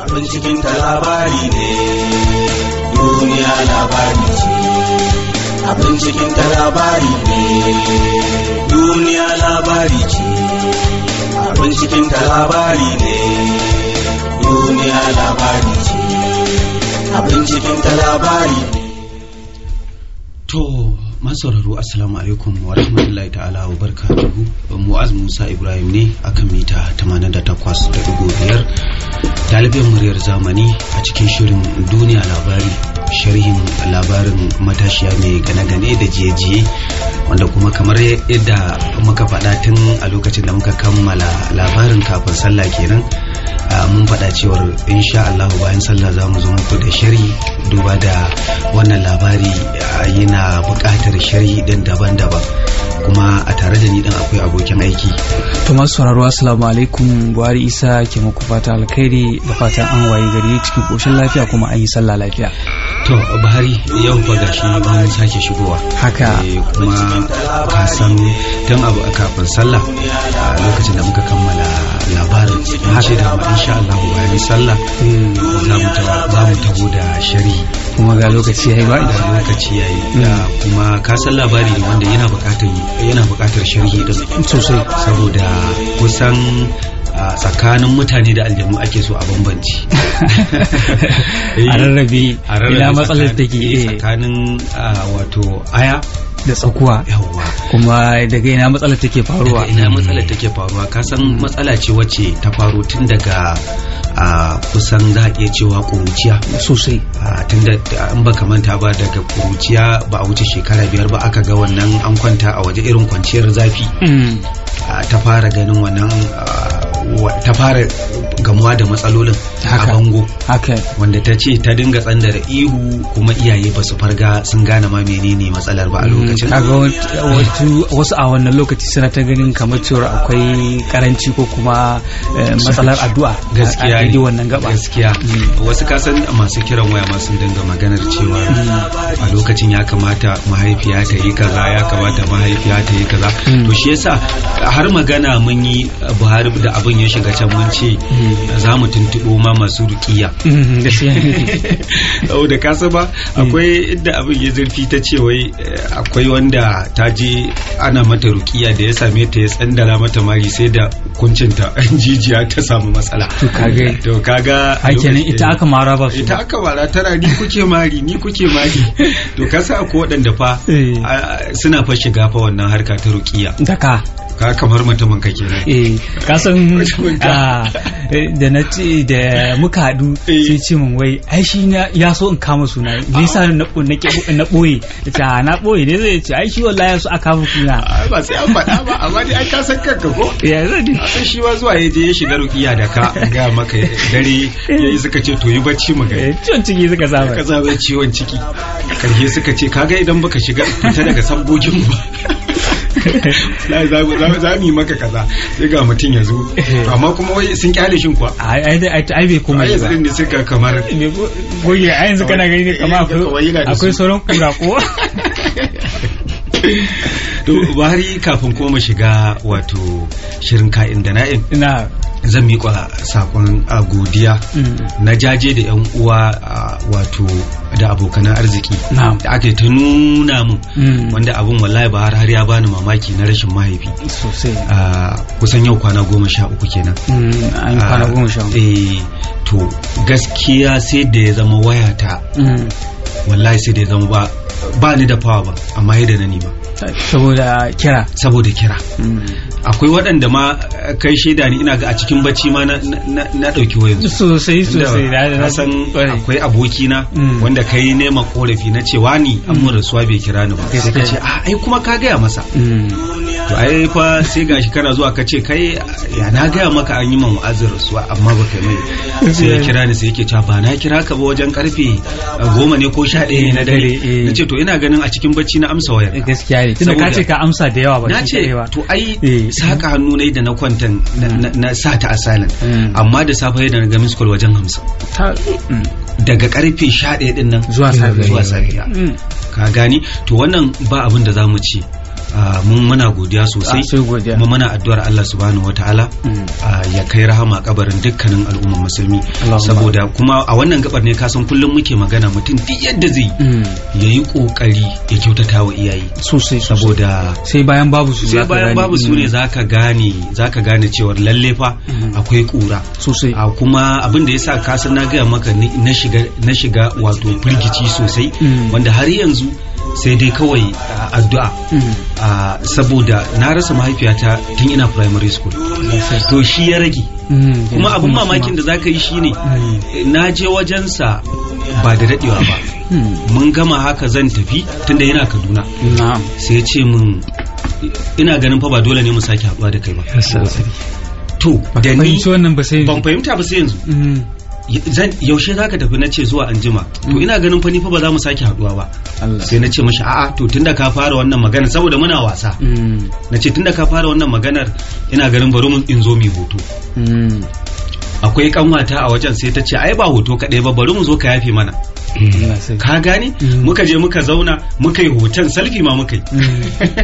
Abin cikin ta labari ne, duniya labari ce. Abin cikin ta labari ne, duniya labari ce. Abin cikin ta labari ne, duniya labari ce. Abin cikin ta labari ne. To. masauraro assalamu alaikum wa rahmatullahi ta'ala wa barka mu'az musa ibrahim ne akan mita 88.5 dalibin muryar zamani a cikin shirin duniya labari sharhin labarin matashiya mai gane-gane da jiye-jiye wanda kuma kamar yadda muka faɗa tun a lokacin da muka kammala labarin kafin sallah kenan Ah, mun faɗa cewar insha Allah bayan sallah za mu zo muku da sharhi duba da wannan labari ah, yana buƙatar sharhi ɗin daban-daban kuma a tare da ni dan akwai abokin aiki. To masu sauraro assalamu alaikum Buhari Isa ke muku fata alkhairi da fatan an waye gari cikin koshin lafiya kuma an yi sallah lafiya. to bahari yau fa gashi an sake shigowa haka eh, kuma ka san dan abu kafin sallah a lokacin da muka kammala labarin mun da ma insha Allah bayan sallah hmm. za mu ta za mu tago da shari kuma ga lokaci yayi ba hmm. da lokaci yayi kuma ka san labari wanda yana bukatar yana bukatar sharhi din sosai saboda kusan tsakanin mutane da aljanu ake so a bambanci a rarrabe ila matsalar take eh, tsakanin wato aya da tsakuwa yawwa kuma daga ina matsalar take faruwa ina matsalar take faruwa kasan matsala ce wacce ta faru tun daga a kusan za a iya cewa kuruciya sosai tun da an baka manta ba daga kuruciya ba a wuce shekara biyar ba aka ga wannan an kwanta a waje irin kwanciyar zafi mm. ta fara ganin wannan ta fara gamuwa da matsalolin a bango wanda ta ce ta dinga tsandar ihu kuma iyaye ba su farga sun gane ma menene matsalar ba a mm, lokacin wasu a wannan lokaci suna ta ganin kamar cewa akwai karanci ko kuma eh, matsalar addu'a gaskiya ne wannan gaba gaskiya mm. wasu kasan masu kiran waya ma dinga maganar cewa mm. a lokacin ya kamata mahaifiya ta yi kaza ya kamata mahaifiya ta yi kaza to shi yasa har magana mun yi Buhari da abu abin ya shiga can mun ce mm. za mu tuntuɓo ma masu rukiya mm-hmm, da kasa ba mm. akwai inda abin ya zurfi ta ce wai eh, akwai wanda ta je ana mata rukiya da ya same ta ya tsandara mata mari sai da kuncinta jijiya ta samu matsala to kaga Hakinin ita aka mara ba ita aka mara tana ni kuke mari ni kuke mari to kasa ko waɗanda fa eh. suna fa shiga fa wannan harka ta rukiya daka ka kamar mutumin ka ke eh ka san ah, eh, da na ce da muka hadu eh. sai ce min wai ai shi ya so in kama suna ne sa na na boye ta na boye ah, ne zai ce ai shi wallahi ya so a kama suna ah, ba sai an faɗa ba amma dai ai ka san kanka ko ya zani sai shi wa zuwa yaje ya shiga rukiya da ka ga maka dare yayi suka ce to yi bacci mu ga eh, ciwon ciki suka saba ka saba ciwon ciki karshe suka ce kaga idan baka shiga fita daga sabbogin ba za mu yi maka kaza sai ga mutum ya zo amma kuma wai sun kyale shin kuwa ai ai bai kuma ai sai ne suka kamar goye ai yanzu kana gani ne kamar akwai sauran kura ko to bari kafin koma shiga wato shirin ka'in da na'in zan miƙa sakon godiya mm. na jaje da 'yan uwa wato da abokanan arziki da aka ta nuna mun mm. wanda abin wallahi ba har har ya bani mamaki na rashin mahaifi kusan yau kwana goma sha uku kenan mm, an kwana goma sha uku eh, to gaskiya sai da ya zama wayata wallahi sai da ya zama ba ni da fawa ba amma yadda na ba saboda kira saboda kira hmm. akwai waɗanda ma kai shaida ni ina ga a cikin bacci ma na ɗauki wayan sosai sosai na san akwai aboki hmm. na wanda kai neman korafi na cewa ni an mun hmm. rasuwa bai kira ni ba sai ka ce ah, ai kuma ka gaya masa to ai fa sai gashi kana zuwa ka ce kai ya na gaya maka an yi man wa'azin rasuwa amma baka mai sai ya kira ni sai yake cewa ba na kira ka ba wajen karfe goma ne ko sha ɗaya na dare eh. na ce to ina ganin a cikin bacci na amsa wayar kai tunda ka ce ka amsa da yawa ba na ce to ai eh. saka hannu ne da na kwantan na sa ta asalin hmm. amma da safe da na ga miss call wajen hamsin. Hmm. daga karfe 11 din nan zuwa safiya hmm. ka gani to wannan ba abin da zamu ci Ah, mun muna godiya sosai kuma ah, muna addu'ar Allah subhanahu wataala mm. ah, ya kai rahama kabarin dukkanin al'umman musulmi saboda kuma a wannan gabar ne kasan kullum muke magana mutum duk yadda zai yayi kokari mm. ya kyautata wa iyaye sosai saboda sai bayan babu su sai bayan babu su ne mm. zaka gane zaka gane cewa lalle fa akwai kura sosai kuma abin da yasa kasan na gaya maka na shiga na shiga wato firgici sosai wanda har yanzu sai dai kawai ah, addu'a hmm. ah, saboda na rasa mahaifiyata tun ina primary school to shi ya rage hmm. kuma abin mamakin da zaka yi shine hmm. na je wajensa ba da dadewa ba mun gama haka zan tafi tunda yana kaduna sai ya ce mun ina ganin fa ba dole ne mu sake haɗuwa da kai ba to da ni ban fahimta ba sai yanzu yaushe zaka tafi na ce zuwa anjima to hmm. ina ganin fa ni fa ba za mu sake haduwa ba sai na ce mashi a'a to tunda ka fara wannan magana saboda muna wasa hmm. na ce tunda ka fara wannan maganar ina ganin bari mu in zo mu hoto hmm. akwai kanwata a wajen sai ta ce ai ba hoto kaɗai ba bari mu zo ka yafe mana ka gane muka je muka zauna muka yi hoton salfi ma muka yi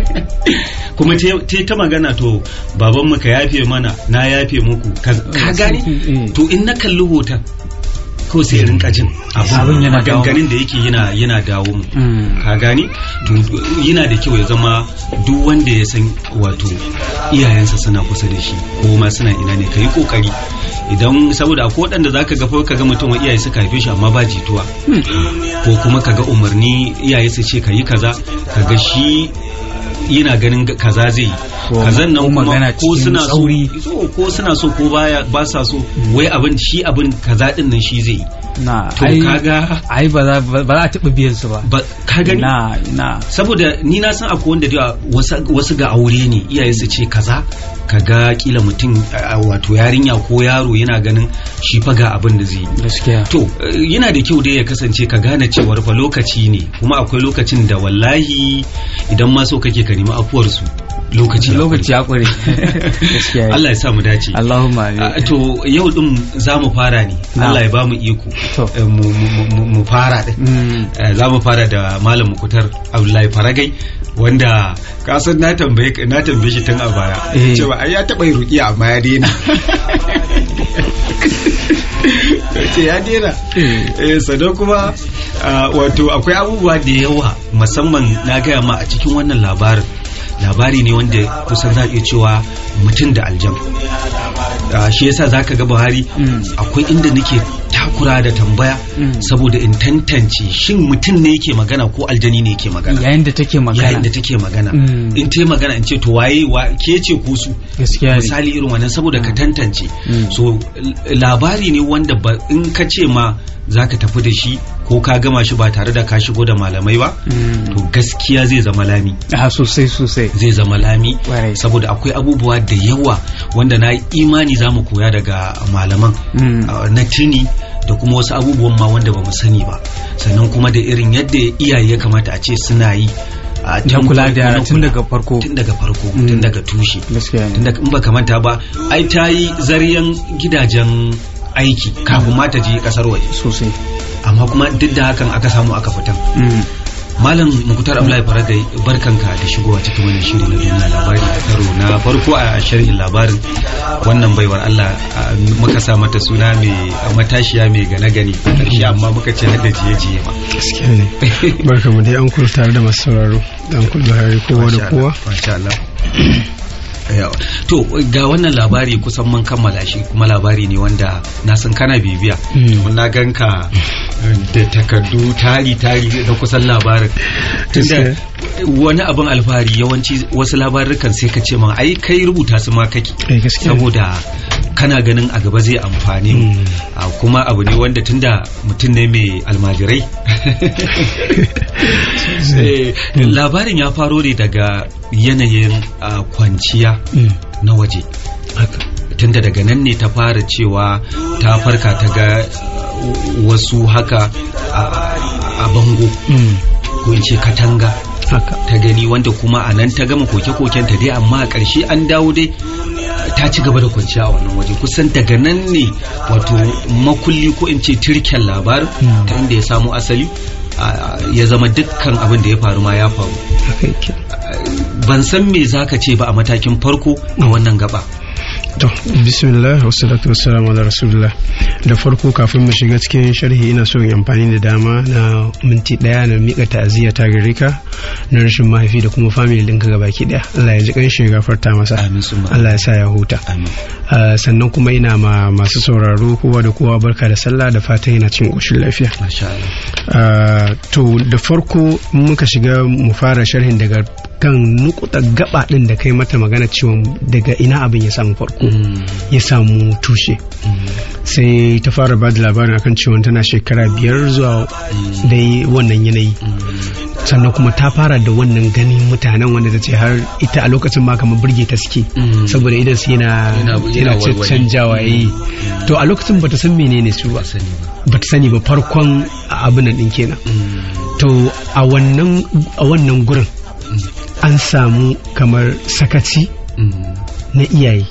kuma te ta magana to baban muka yafe mana na yafe muku ka gane eh. to in na kalli hoton ko sai rinka jin abin yana maganganun da yake yana yana dawo mu mm. ka gani yana da kyau ya zama duk wanda ya san wato iyayensa suna kusa da shi ko ma suna ina ne kai kokari idan saboda akwai waɗanda zaka ga ka kaga mutum wa iyaye suka haife shi amma ba jituwa mm. ko kuma kaga umarni iyaye su ce kayi kaza kaga shi yana ganin kaza zai kazan nan kuma ko suna so ko suna so ko baya ba sa so wai abin shi abin kaza din nan shi zai na ai kaga ai ba za a taɓa biyan su ba ba ka gani na na saboda ni na san akwai wanda wasu wasu ga aure ne iyaye su ce kaza kaga kila mutum wato yarinya ko yaro yana ganin shi fa ga abin da zai yi gaskiya to yana da kyau dai ya kasance ka gane cewar fa lokaci ne kuma akwai lokacin da wallahi idan ma so kake ka nemi afuwar su lokaci lokaci ya kware Allah ya sa mu dace Allahumma amin ah, to yau din za mu fara ne Allah ya ba mu iko eh, mu fara din mm. eh, za mu fara da malam mukutar Abdullahi Faragai wanda san na tambaye na tambaye shi tun a baya eh. cewa ai ya taba ruqiya amma ya daina ce ya eh sannan kuma ah, wato akwai abubuwa da yawa musamman na gaya ma a cikin wannan labarin labari ne wanda kusan za a iya cewa mutum da aljan ah, shi yasa za ka ga buhari mm. akwai inda nake takura da tambaya mm. saboda in tantance shin mutum ne yake magana ko aljani ne yake magana yayin da take magana yayin da take magana mm. in ta magana in ce to waye ke ce ko su misali irin wannan saboda ka tantance so labari ne wanda in ka ce ma za ka tafi da shi ko ka gama shi ba tare da ka shigo da malamai ba mm. to gaskiya zai zama lami a ah, sosai sosai zai zama lami saboda akwai abubuwa da yawa wanda na imani za mu koya daga malaman mm. ah, na tini da kuma wasu abubuwan ma wanda ba mu sani ba sannan kuma da irin yadda iyaye ya kamata a ce suna yi ah, a kula da yara tun daga farko tun daga farko mm. tun daga tushe tun daga in ba kamanta ba ai ta yi zariyan gidajen aiki kafin ma ta je kasar waje sosai amma kuma duk da hakan aka samu aka fitan mm. Malam Mukutar Abdullahi Faradai barkanka da shigowa cikin wannan shiri na duniya labari a karo na farko a sharhin labarin wannan baiwar Allah muka sa mata suna mai matashiya mai gane gane a ƙarshe amma muka ce na jiye jiye ma. Gaskiya ne. Barka mu dai an kulta tare da masu sauraro. an kulta hari kowa da kowa. to ga wannan labari kusan mun kammala shi kuma labari ne wanda na san kana bibiya hmm. mun na ganka da takardu tari tari da kusan labarin tunda wani abin alfahari yawanci wasu labarukan sai ka ce ma ai kai rubuta su ma kake eh, saboda kana ganin a gaba zai amfani hmm. kuma abu ne wanda tunda mutum ne mai almajirai eh, hmm. labarin ya faro ne daga yanayin kwanciya hmm. na waje tunda daga nan ne ta fara cewa ta farka ta ga wasu haka a bango ko katanga ta gani wanda kuma a nan ta gama koke-koken ta dai amma a ƙarshe an dawo dai ta ci gaba da kwanciya a wannan waje kusan daga nan ne wato makulli ko in ce tirken labarin hmm. ta inda ya samo asali ya zama dukkan abin da ya faru ma ya faru ban san me zaka ce ba a matakin farko a wannan gaba to bismillah wassalatu wassalamu ala rasulullah da farko kafin mu shiga cikin sharhi ina so in amfani da dama na minti daya na mika ta'aziyya ta gare ka na rashin mahaifi da kuma family din ka gabaki daya Allah ya ji kanshi ya gafarta masa Allah ya sa ya huta ah, sannan kuma ina ma masu sauraro kowa da kowa barka da sallah da fatan yana cin koshin lafiya ah, to da farko muka shiga mu fara sharhin daga kan nukuta gaba din da kai mata magana cewa daga ina abin ya samu farko mm. ya samu tushe mm. sai ta fara ba da labarin akan cewa tana shekara biyar zuwa mm. da wannan yanayi sannan kuma ta fara da wannan ganin mutanen wanda ta ce har ita a lokacin ma kama birge ta suke saboda idan su yana yana canjawa eh. to a lokacin bata san menene su ba bata sani ba farkon abin nan din kenan to a wannan gurin an samu kamar sakaci mm. na iyaye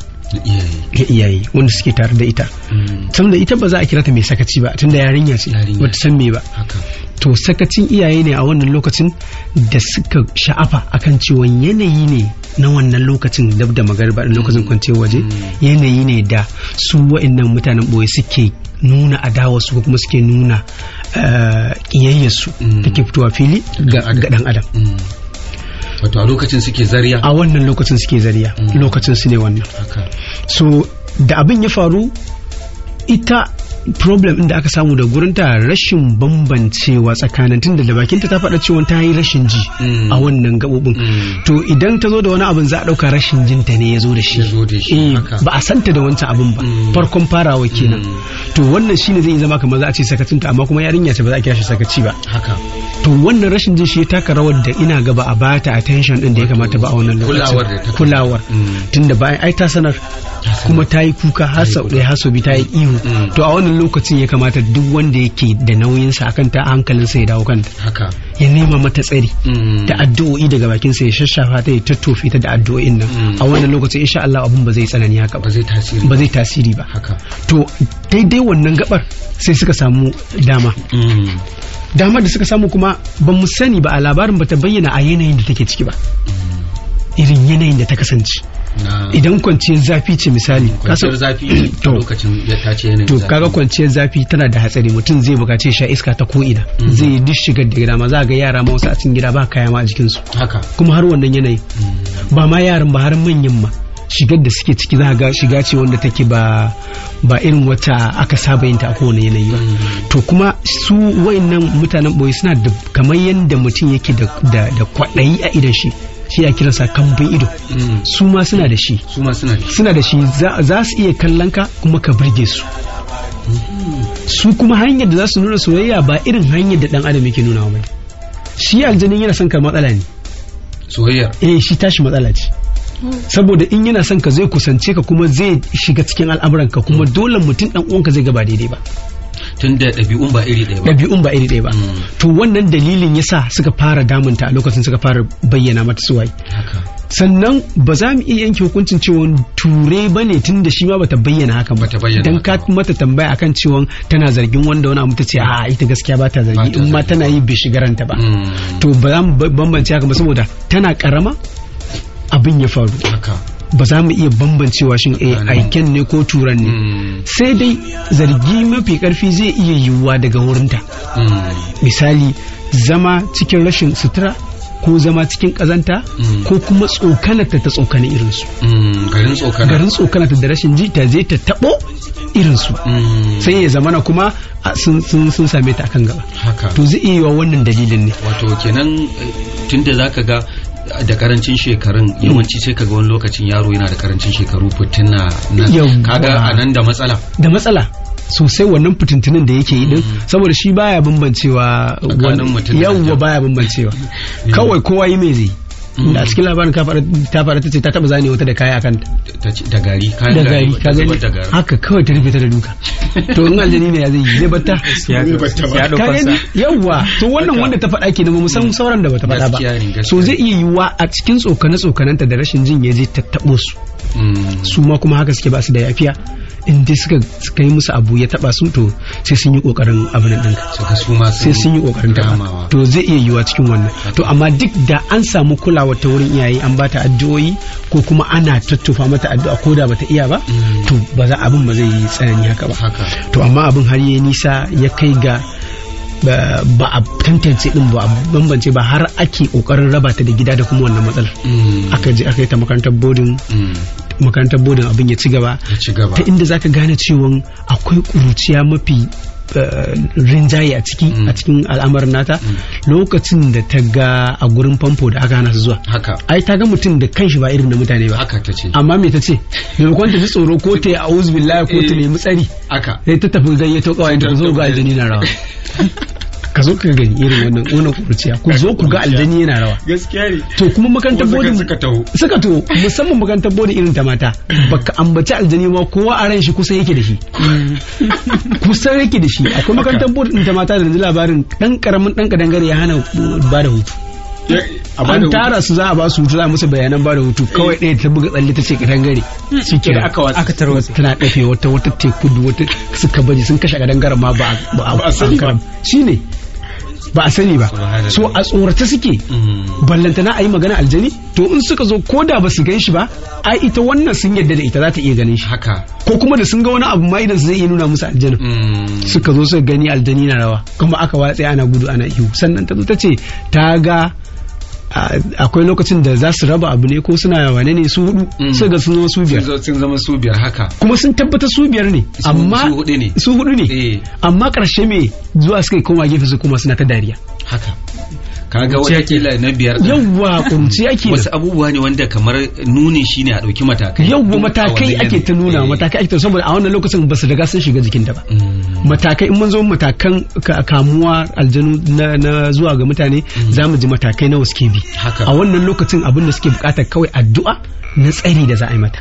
ga iyaye wanda suke tare da ita tun mm. da ita ba za a kira ta mai sakaci ba tun da yarinya ce wata san me ba to sakacin iyaye ne a wannan lokacin da suka sha'afa akan cewa yanayi ne na wannan lokacin dab da magarba lokacin mm. kwance waje yanayi ne da su wa'annan mutanen boye suke nuna adawa su kuma suke nuna eh, ƙiyayyarsu take fitowa fili ga dan adam wato a lokacin suke zariya a wannan lokacin suke zariya mm. lokacin su ne wannan so da abin ya faru ita problem ɗin da aka samu da gurinta rashin bambancewa tsakanin tunda da bakinta ta faɗa cewa ta yi rashin ji mm. a wannan gaɓoɓin mm. to idan ta zo da wani abin za a ɗauka rashin jinta ne ya zo da shi eh, ba a santa da wancan abin ba mm. farkon farawa kenan to wannan shine zai zama kamar za a ce sakacinta amma kuma yarinya ce ba za a kira shi sakaci ba to wannan rashin jin shi ya taka rawar da ina gaba a bata attention din da ya kamata ba a wannan lokacin kulawar tunda bayan ai ta sanar kuma ta yi kuka har sau ɗaya har sau biyu ta yi ihu to a wannan lokacin ya kamata duk wanda yake da nauyinsa a akan ta hankalinsa ya dawo kanta haka ya nema mata tsari mm. da addu'o'i daga bakinsa ya shashafa ta ya tattofe ta da addu'o'in nan mm. a wannan lokacin insha Allah abun ba zai tsanani haka ba zai tasiri ba zai tasiri ba haka to daidai wannan gabar sai suka samu dama mm. Dama da suka samu kuma ba mu sani ba a labarin ba ta bayyana a yanayin da take ciki ba irin yanayin da ta kasance idan kwanciyar zafi ce misali kwanciyar zafi To lokacin ya tace yanayin to kaga kwanciyar zafi tana da hatsari mutum zai bukaci sha iska ta ko ina mm-hmm. zai yi duk shigar da gida ma za ga yara ma wasu a cikin gida ba kaya ma a jikin su haka kuma har wannan yanayi. Mm-hmm. ba ma yaran ba har manyan ma shigar da suke ciki za ga shiga ce wanda take ba ba irin wata aka saba yin ta a kowane yanayi ba mm-hmm. to kuma su wayannan mutanen boye suna da kamar yadda mutum yake da kwaɗayi a idan shi shi a kiransa kambun ido mm. su ma suna da shi suna da shi za su iya kallon ka kuma ka birge su su kuma hanyar da za su nuna soyayya ba irin hanyar da dan adam yake nuna ba shi aljanin yana son ka matsala ne soyayya eh shi tashi matsala ce saboda in yana son ka zai kusance ka kuma zai shiga cikin al'amuranka kuma dole mutum dan uwanka zai gaba daidai ba tunda ɗabi'un ba iri ɗaya ba ɗabi'un ba iri ɗaya ba mm. to wannan dalilin yasa suka fara damunta a lokacin suka fara bayyana mata suwaye sannan ba za mu iya yanke hukuncin cewa ture ba ne tun da shi ma bata bayyana haka ba don ka mata tambaya akan cewa tana zargin wanda wani abu ce a ita gaskiya ba ta zargi in ma tana yi bai shigaranta ba mm. to ba za mu bambance haka ba saboda tana karama abin ya faru ba za mu iya bambancewa shin eh, aiken ne ko turan ne hmm. sai dai zargi mafi karfi zai iya yiwuwa daga wurinta hmm. misali zama cikin rashin sutura ko zama cikin kazanta hmm. ko kuma tsokanata ta tsokana irinsu garin tsokanata da rashin ji ta je ta tabo irinsu sai ya zamana kuma sun same ta akan gaba to zai iya wannan dalilin ne wato kenan eh, tunda zaka ga da karancin shekarun yawanci sai kaga wani lokacin yaro yana da karancin shekaru fitina na kaga a nan da matsala da matsala sosai wannan fitintinin da yake yi din mm-hmm. saboda shi baya bambancewa yawwa baya bambancewa kawai kowa yi mai zai a cikin labarin ta faɗa ta ce ta taɓa zane wata da kaya akan da gari da gari ka gani haka kawai ta rufe ta da duka to in aljani ne ya zai yi zai batta yawwa to wannan wanda ta faɗa kenan mu san sauran da bata faɗa ba so zai iya yiwuwa a cikin tsokane tsokanenta da rashin jin ya je ta taɓo su mm. su ma kuma haka suke ba su da yafiya in dai suka kai musu abu ya taba su to sai sun yi kokarin abin din sai sun yi kokarin taba to zai iya yiwa cikin wannan to amma duk da an samu kulawa ta wurin iyaye an bata addu'o'i ko kuma ana tattufa mata addu'a ko da bata iya ba mm. to ba za abin ba zai yi tsanani haka ba to amma abin har yayi nisa ya kai ga ba a tantance din ba a bambance ba har ake kokarin raba ta da gida da kuma wannan matsalar mm. aka je aka yi ta makarantar bodin mm. makarantar bodin abin ya ci gaba ta inda zaka gane cewa akwai kuruciya mafi Uh, rinjaye a ciki a mm. cikin al'amarin nata mm. lokacin da ta ga a gurin famfo da aka hana su zuwa haka ai ta ga mutum da kanshi ba irin da mutane ba haka ce amma me da maimakon ta ji tsoro ko ta yi a ko ta eh. nemi tsari haka sai ta tafi gayyato kawai ta zo ga aljini na rawa ka zo ka gani irin wannan wannan kurciya ku zo ku ga aljani yana rawa gaskiya ne to kuma makarantar bodin suka taho suka taho musamman makarantar bodin irin ta mata baka ambaci aljani ma kowa a ran shi kusan yake da shi kusan yake da shi akwai makarantar bodin ta mata da labarin dan karamin dan kadangare ya hana ba da hutu an tara su za a ba su hutu za a musu bayanan ba da hutu eh. kawai ɗaya ta buga tsalle ta ce dangare su kira aka tarwatsa tana ɗafe wata wata teku wata suka baje sun kashe kadangare ma ba a karam shi ne ba a sani ba so a tsorata suke mm. ballantana a yi magana aljani to in suka zo ko da ba su gan shi ba a ita wannan sun yadda da ita za ta iya ganin shi haka ko kuma da sun ga wani abu ma idan su zai iya nuna musu aljana mm. suka zo suka gani aljani na rawa kuma aka watsa ana gudu ana ihu sannan ta zo ta ce ta ga akwai lokacin da za su raba abu ne ko suna wane ne su hudu mm. sai ga sun zama su biyar sun zama su biyar haka kuma sun tabbata su biyar ne amma su hudu ne su hudu ne eh. amma karshe me zuwa suka koma gefe su kuma suna ta dariya haka kaga watakila na biyar yawwa kunci ake wasu abubuwa ne wanda kamar nunin shine a ɗauki matakai yawwa eh. matakai ake ta nuna matakai ake ta saboda a wannan lokacin ba su riga sun shiga jikin da ba mm. matakai in mun zo matakan kamuwa aljanu na zuwa ga mutane mm. za mu ji matakai na suke bi a wannan lokacin abin da suke bukata kawai addu'a na tsari da za a yi mata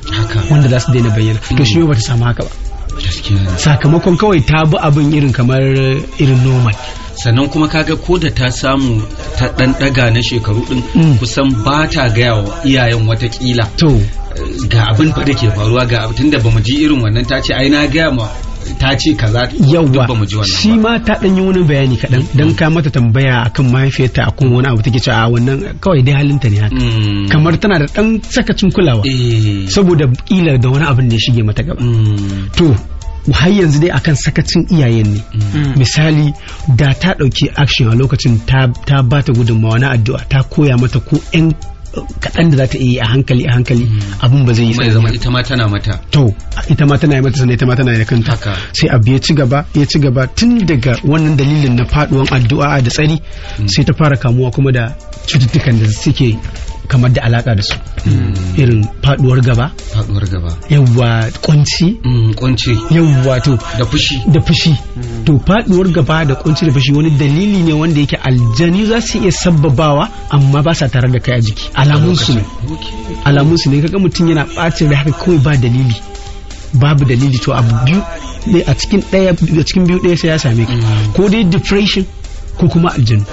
wanda za su daina bayyana to mm. shi ba ta samu haka ba sakamakon kawai ta bi abin irin kamar irin normal sannan kuma kaga ko da ta samu ta dan daga na shekaru ɗin mm. kusan ba ta gaya wa iyayen watakila eh, ga abin fa da ke faruwa ga abin da bamu ji irin wannan ta ce ai na gaya ma ta ce kaza yawa shi ma ta danyi wani bayani kaɗan mm. Dan ka mata tambaya akan mahaifiyarta a wani abu take cewa a ah, wannan kawai dai halinta ne haka mm. kamar tana da ɗan sakacin kulawa eh. saboda kila da wani abin da ya shige mata gaba to har yanzu dai akan sakacin iyayen ne mm. misali da ta ɗauki action a lokacin ta ba ta gudunmawa na addu'a ta koya mata ko 'yan uh, kaɗan da za ta yi a hankali a hankali mm. abin ba zai yi sai zama ita ma tana mata to ita ma tana yi mata sannan ita ma tana yi da kanta sai abu ya ci gaba ya ci gaba tun daga wannan dalilin na faduwan addu'a da tsari mm. sai ta fara kamuwa kuma da cututtukan da suke kamar da alaka da su hmm. irin faduwar gaba faduwar gaba yawwa kunci kunci hmm, yawwa to da fushi da fushi hmm. to faduwar gaba da kunci da fushi wani dalili ne wanda yake aljani za su iya sabbabawa amma ba sa tare da kai a jiki alamun su ne alamun su ne kaga mutum yana bacin da haka kawai ba dalili babu dalili to abu biyu ne a cikin daya a cikin biyu daya sai ya same ka ko dai depression ko kuma aljanu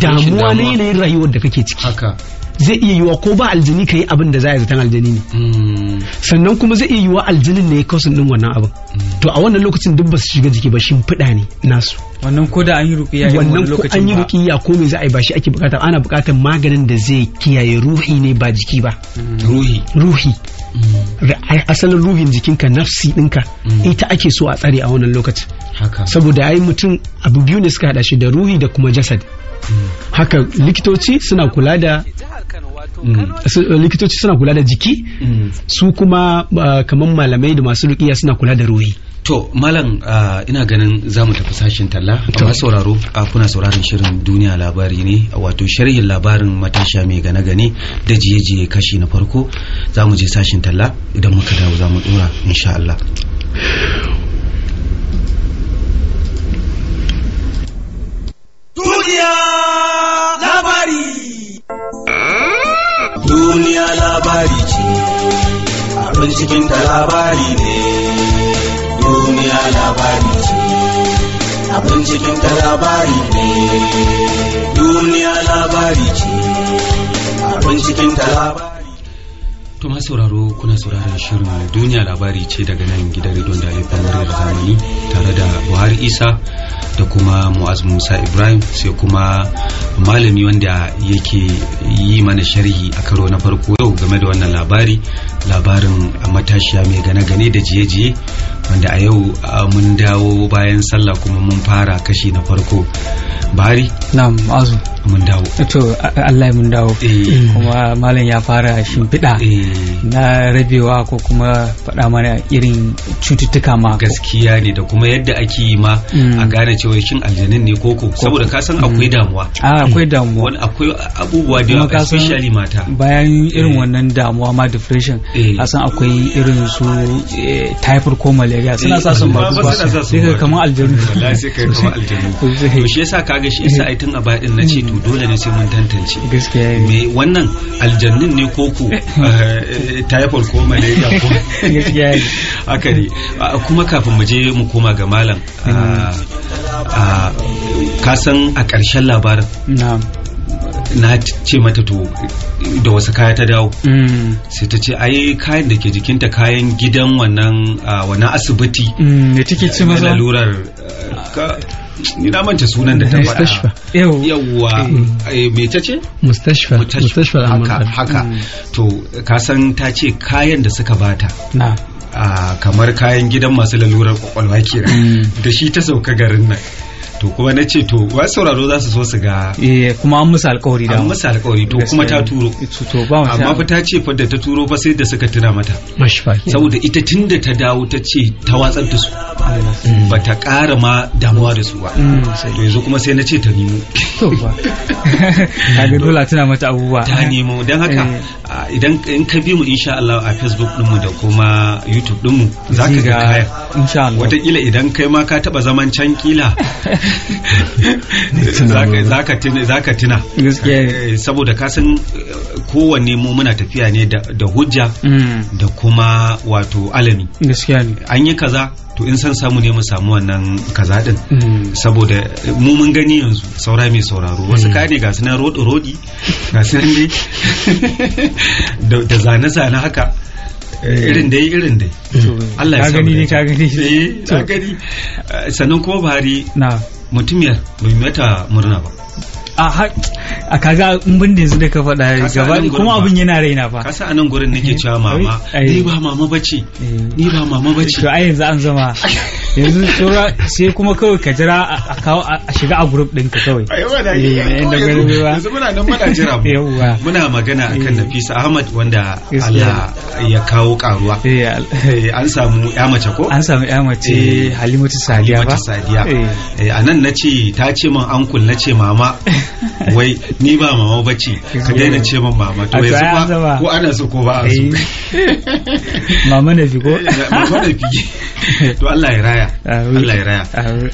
damuwa ne yanayin rayuwar da kake ciki zai iya yiwa ko ba aljini ka yi abin da za a zaton aljini ne hmm. sannan kuma zai iya yiwa aljinin ne ya kausin din wannan abin hmm. to a wannan lokacin duk basu shiga jiki ba shin fida ne nasu wannan ko da an yi ruqiya wannan ko an yi ko me za a yi ba shi ake bukata ana bukatar maganin da zai kiyaye ruhi ne ba jiki ba hmm. ruhi ruhi asalin ruhin jikinka nafsi ɗinka ita ake so a tsare a wannan lokacin saboda yi mutum abu biyu ne suka hada shi da ruhi da kuma jasad haka likitoci suna kula da Mm. likitoci suna kula da jiki mm. su kuma kamar malamai da masu rukiya suna kula da ruhi to malam ah, ina ganin za mu tafi sashen talla amma sauraro ah, kuna sauraron shirin duniya labari ne wato sharhin labarin matasha mai gane gane da jiye-jiye kashi na farko za mu je sashen talla idan muka dawo za mu dora insha Allah duniya labari duniya labari ce abin cikin ta labari ne duniya labari ce abin cikin ta labari ne duniya labari ce abin cikin ta labari Tuma sauraro kuna sauraron shirin duniya labari ce daga nan gidan rediyon da zamani tare da Buhari Isa da kuma mu'az musa ibrahim sai kuma malami wanda yake yi mana sharhi a karo na farko yau game da wannan labari labarin matashiya mai gane-gane da jiye-jiye wanda a yau mun dawo bayan sallah kuma mun fara kashi na farko bari na mu'azu mun dawo to Allah mun dawo eh. kuma malam ya fara shimfiɗa eh. na rabewa ko kuma faɗa mana irin cututtuka ma gaskiya ne da kuma yadda ake yi ma a mm. gane cewa cewa aljanin ne koko saboda ka san akwai mm. damuwa a ah, akwai hmm. damuwa wani akwai abubuwa da yawa especially mata bayan irin eh. wannan damuwa ma depression eh. a san akwai irin su eh, typhoid ko malaria suna sa sun ba su sai ka kamar aljanu wallahi sai ka kamar aljanu to shi yasa kaga shi yasa ai tun a baya din ce to hmm. dole ne sai mun tantance gaskiya me wannan aljannin ne koko typhoid ko malaria ko gaskiya haka ne ah, kuma kafin mu je mu koma ga malam hmm. ah, Ah, ka san a ƙarshen labarin na ce mata to da wasu kaya ta dawo mm. sai ta ce ai kayan da ke jikinta kayan gidan wannan ah, wannan asibiti ne mm, take ce maza lalurar ni na manta sunan da ta faɗa yawwa eh. Eh, me ta ce mustashfa mustashfa haka haka mm. to ka san ta ce kayan da suka bata kamar kayan gidan masu lalurar kwakwalwa kenan mm. da shi ta sauka garin nan to kuma na ce to wasu sauraro za su so su ga eh, kuma an musu alkawari da an musu alkawari to kuma ta turo amma fa ta ce fa da ta turo fa sai da suka tuna mata saboda ita tunda ta dawo ta ce ta watsar da su mm. ba ta ƙara ma damuwa da su ba mm, to yanzu kuma sai na ce ta nemo to ba kaga dole tuna mata abubuwa ta nemo dan haka eh. idan in ka bi mu insha Allah a Facebook mu da kuma YouTube mu zaka ga kaya insha Allah wataƙila idan kai ma ka taba zaman can kila zaka tuna eh, saboda kasan eh, kowanne mu muna tafiya ne da hujja mm. da kuma wato alami an yi kaza to in san samu ne mu samu wannan kaza din mm. saboda eh, mu mun gani yanzu saura mai sauraro mm. wasu kane ga sunan rodi rodi ga sunan ne da zane zane haka irin dai irin dai Allah ya gani ne ka gani sannan kuma Na. mutumiyar bai mata murna ba a kaga in bin da yanzu da ka faɗa gaba kuma abin yana raina fa kasa anan gurin nake cewa mama ni ba mama bace ni ba mama bace to a yanzu an zama yanzu tura sai kuma kawai ka jira a kawo a shiga a group ɗinka kawai eh, yanzu muna nan muna jira muna magana akan eh. Nafisa Ahmad wanda Allah ya kawo karuwa eh, an samu ya mace ko an samu ya mace Halimatu Sadiya ba Sadiya a nan nace ta ce min na nace mama wai ni ba mama bace ka daina ce min mama to yanzu ba ko ana so ko ba a so mama na fi ko mama na fi to Allah ya raya raya Allah ya raya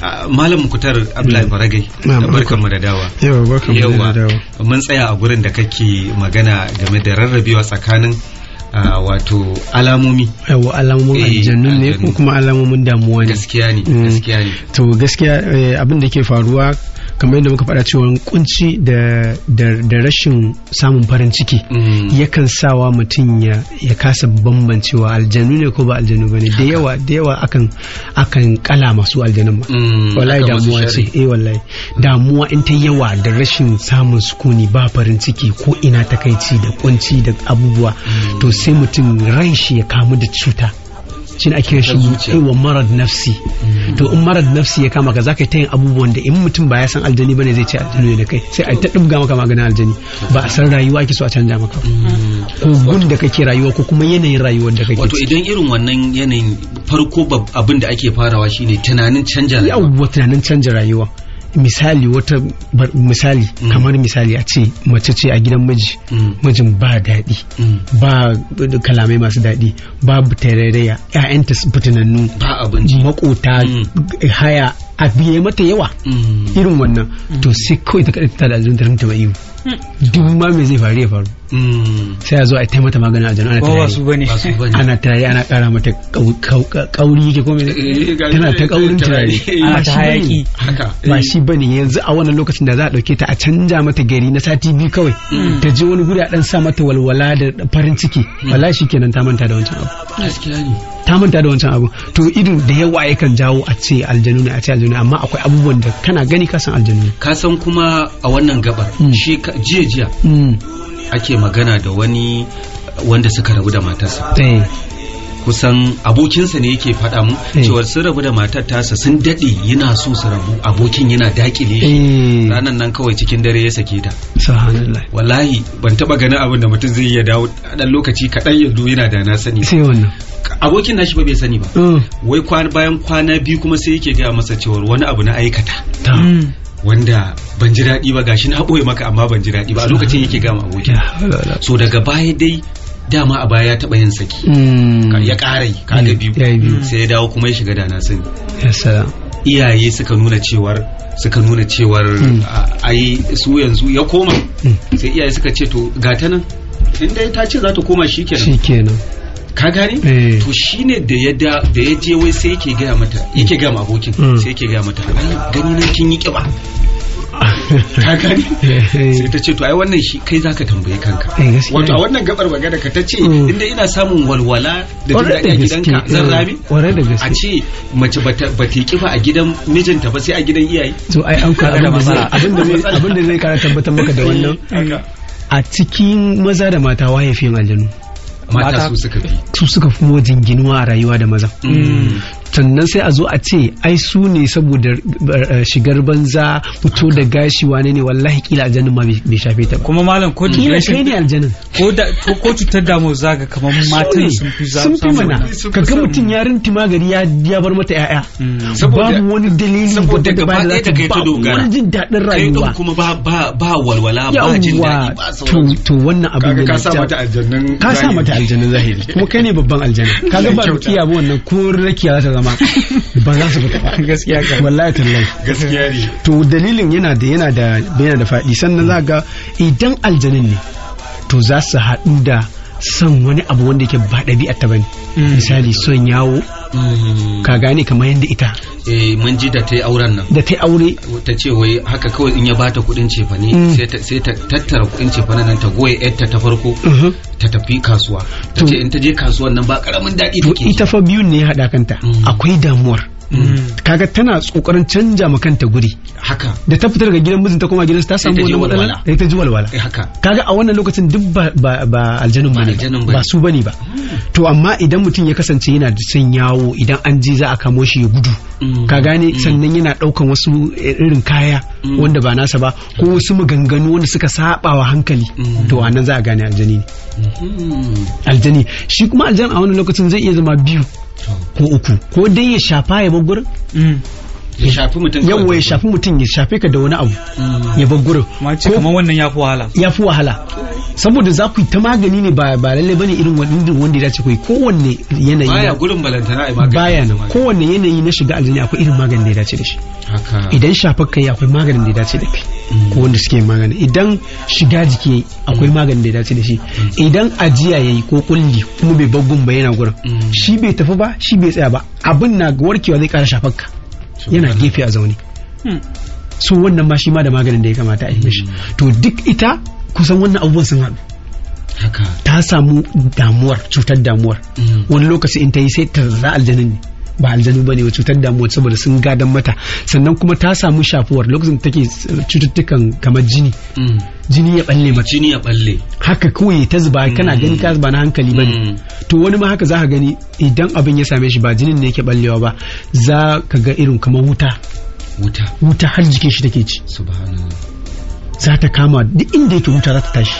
ah, malam mukutar Abdullahi mm. Baragai barkan mu da dawa yawa barkan mu da dawa mun tsaya a gurin da kake magana game da rarrabewa tsakanin ah, wato alamomi yawa alamomin eh, aljannu ne ko kuma alamomin damuwa ne gaskiya ne mm. gaskiya ne to gaskiya eh, abin da ke faruwa kamar yadda muka faɗa cewa kunci da rashin samun farin ciki mm. yakan sawa mutum ya ya kasa bambancewa aljanu ne ko ba aljanu ba ne da yawa da yawa akan akan kala masu aljanun ba mm, wallahi damuwa ce eh wallahi damuwa in ta yawa da rashin samun sukuni ba farin ciki ko ina takaici da kunci da abubuwa mm. to sai mutum ran shi ya kamu da cuta shi ne ake shi wa marad nafsi to in marar nafsi ya kama ka za ta yin abubuwan da in mutum ba ya san aljani ba ne zai ce aljani da kai sai a ta ɗubga maka maganin aljani ba a san rayuwa ake so a canja maka ko gun da kake rayuwa ko kuma yanayin rayuwar da kake wato idan irin wannan yanayin farko abin da ake farawa shine tunanin canja rayuwa yawwa tunanin canja rayuwa misali wata misali mm. kamar misali a ce mace ce a gidan miji mm. mijin mm. ba daɗi mm. ba kalamai masu daɗi ba tarayya ƴaƴanta fitinannu ba abinci makota mm. haya a biye mata yawa mm. irin wannan to sai kawai ta kaɗa ta da aljanta ta mai hmm. duk ma me zai faru ya faru sai a zo a taimata maganin aljanu ana tayi su bane ana tayi ana kara mata kauri yake ko eh, tana ta kaurin turare ana ta hayaki ba shi bane yanzu a wannan lokacin da za a dauke ta a canja mata gari na sati biyu kawai mm. ta je wani guri a dan sa mata walwala da farin ciki mm. wallahi kenan ta manta da wancan abu ta manta da wancan abu to ido da yawa yakan jawo a ce aljanu ne a ce aljanu amma akwai abubuwan da kana gani ka san aljanu ka san kuma a wannan gabar mm. shi jiya jiya ake magana da wani wanda suka rabu da matarsa eh. kusan abokinsa ne yake faɗa mu eh. cewa sun rabu da matar tasa sun daɗe yana so su rabu abokin yana dakile shi eh. ranar nan kawai cikin dare ya sake ta wallahi ban taba ganin abin da mutum zai iya dawo dan lokaci kaɗan yanzu yana da na sani sai wannan abokin nashi ba bai sani ba mm. wai bayan kwana biyu kuma sai yake gaya masa cewar wani abu na aikata wanda ban ji daɗi ba gashi na ɓoye maka amma ban ji daɗi ba a lokacin yake gama abokin so daga baya dai dama a baya ya taɓa yin saki hmm. ya ƙara yi kaga hmm. biyu sai ya dawo kuma ya shiga da na iyaye suka nuna cewar suka nuna cewar hmm. ai su yanzu ya koma sai iyaye suka ce to gata nan in dai ta za ta koma shikenan shikenan ka gane eh. to shine da ya da da ya je wai sai yake gaya mata mm. yake gaya abokin mm. sai yake gaya mata gani nan kin yi kiba ka gani eh. sai ta ce to ai wannan shi kai zaka tambaye kanka eh, wato a wannan gabar magana ka ta ce mm. inda ina samun walwala da jin daɗi a gidanka zan rami a ce mace ba ta kifa a gidan mijinta ba sai a gidan iyaye to ai an ka abin da zai kara tabbatar maka da wannan a cikin maza da mata waye fiye aljanu mata su suka fi su suka fi mo jinginuwa rayuwa da maza mm. sannan sai a zo a ce ai su ne saboda eh, shigar banza fito da gashi wane ne wallahi kila aljanin ma bai shafe ta ba kuma malam ko ta gashi kai ne aljanin ko da ko cutar damu zaka kamar matan sun fi za sun fi mana kaga mutum ya rinti magari ya ya bar mata yaya hmm. babu wani dalili saboda gaba da ta kai ta dogara wani jin dadin rayuwa kuma ba ba ba walwala ba jin dadi ba to to wannan abu ne ka sa mata aljannin ka sa mata aljannin zahiri kuma kai ne babban aljannin ga ba rukiya ba wannan ko rakiya za ta zama dama ba za su fita gaskiya ka wallahi tallahi gaskiya ne to dalilin yana da yana da yana da faɗi sannan za ga idan aljanin ne to za su haɗu da son wani abu wanda yake ba ɗabi'ar ta bane mm. misali son yawo mm. ka gane kamar yadda ita eh mun ji da ta yi auren nan da ta yi aure ta ce wai haka kawai in ya ba ta kuɗin ne mm. sai ta tattara kuɗin cefane nan ta goye yadda ta farko mm-hmm. ta tafi kasuwa ta ce in ta je kasuwan nan ba karamin daɗi take ita fa biyun ne ya haɗa kanta akwai damuwar Mm. kaga tana tsokarin canja ma kanta guri haka da ta fita daga gidan ta koma gidan ta samu wani matsala ta ji walwala eh, haka kaga a wannan lokacin duk ba ba aljanun bane ba su bane ba mm. to amma idan mutum ya kasance yana da san yawo idan an je za a kamo shi ya gudu mm. ka gane sannan yana daukan wasu irin kaya wanda ba nasa ba ko wasu maganganu wanda suka saba wa hankali to wannan za a gane aljani ne mm-hmm. aljani shi kuma aljan a wannan lokacin zai iya zama biyu ko uku ko dai ya shafa ya bar gurin mm. ya shafi mutum yawa ya shafi mutum ya shafe ka da wani abu mm. ya bar gurin mace kuma wannan ya fi wahala ya fi wahala saboda za ku yi ta magani ne ba ba lalle bane irin wani wanda ya dace ku yi kowanne yanayi baya gurin balantana ai magani baya kowanne yanayi na shiga aljini akwai irin maganin da ya dace da shi idan shafar kai akwai maganin da ya dace da kai mm. ko wanda suke magani idan shiga jiki akwai mm. maganin da ya dace da shi idan ajiya yayi ko kulli kuma bai bagun ba yana gurin shi bai tafi ba shi bai tsaya ba abin na warkewa zai kara shafar ka yana gefe a zaune hmm. so wannan ma shi ma da maganin da ya kamata a yi mishi hmm. to duk ita kusan wannan abubuwan sun haɗu ta samu damuwar cutar damuwar hmm. wani lokaci in ta yi sai ta za aljanin ne ba aljanu bane wa cutar damuwa saboda sun gadan mata sannan kuma ta samu shafuwar lokacin take cututtukan kamar jini mm. jini ya balle mata jini ya balle haka kawai ta zuba kana mm. gani ta zuba na hankali bane mm. to wani ma haka zaka gani idan abin ya same shi ba jinin ne yake ballewa ba za ka ga irin kamar wuta wuta wuta har jikin shi take ci subhanallah za ta kama duk inda yake wuta za ta tashi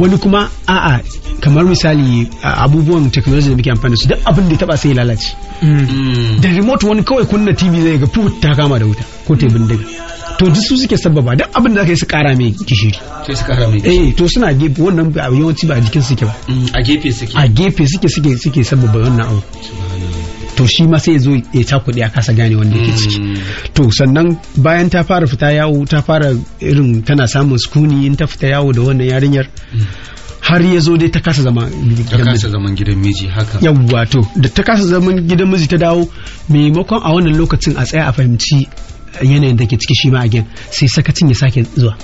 wani kuma a'a kamar misali abubuwan technology da muke amfani da su duk abin da ya taba sai ya lalace mm. da remote wani kawai kunna tv zai ga put ta kama da wuta ko tebin daga to duk su suke sababa duk abin da aka yi su kara mai gishiri su kara mai eh, gishiri eh to suna gefe wannan yawanci ba a jikin suke ba mm, a gefe suke a gefe suke suke suke sababa wannan abu to shi ma sai ya zo ya cakuɗe a kasa gane wanda yake ciki hmm. to sannan bayan ta fara fita yawo ta fara irin tana samun sukuni in ta fita yawo da wannan yarinyar hmm. har ya zo dai ta kasa zaman gidan miji haka yawwa to da ta kasa zaman gidan miji ta dawo maimakon a wannan lokacin a tsaya a fahimci yanayin da ke ciki shi ma again sai sakacin ya sake zuwa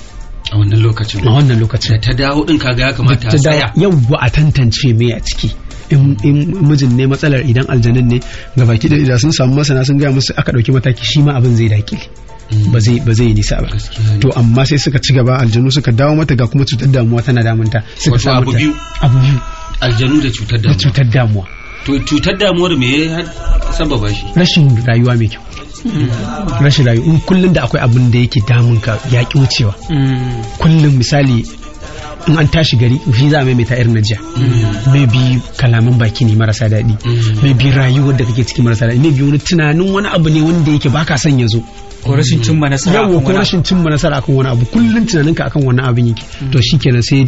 a wannan lokacin a wannan lokacin ta dawo din kaga ya kamata a tsaya yawwa a tantance me a ciki in mijin ne matsalar idan aljanin ne ga baki da idan sun samu masana sun gaya musu aka ɗauki mataki shi ma abin zai dakile hmm. ba zai ba zai nisa ba to amma sai suka ci gaba aljanu suka dawo mata ga kuma cutar damuwa tana damunta suka samu abu biyu abu biyu aljanu da cutar damuwa cutar damuwa to cutar damuwar me ya sababa shi rashin rayuwa mai kyau rashin rayuwa kullum da akwai abin da yake damun ka ya ki wucewa kullum misali in an tashi gari shi za a maimaita irin najiya bi kalaman baki ne marasa daɗi bi rayuwar da kake ciki marasa daɗi bi wani tunanin wani abu ne wanda yake baka son ya zo ko rashin cimma nasara yawo ko rashin cimma nasara akan wani abu kullum tunaninka akan wani abin yake to shikenan sai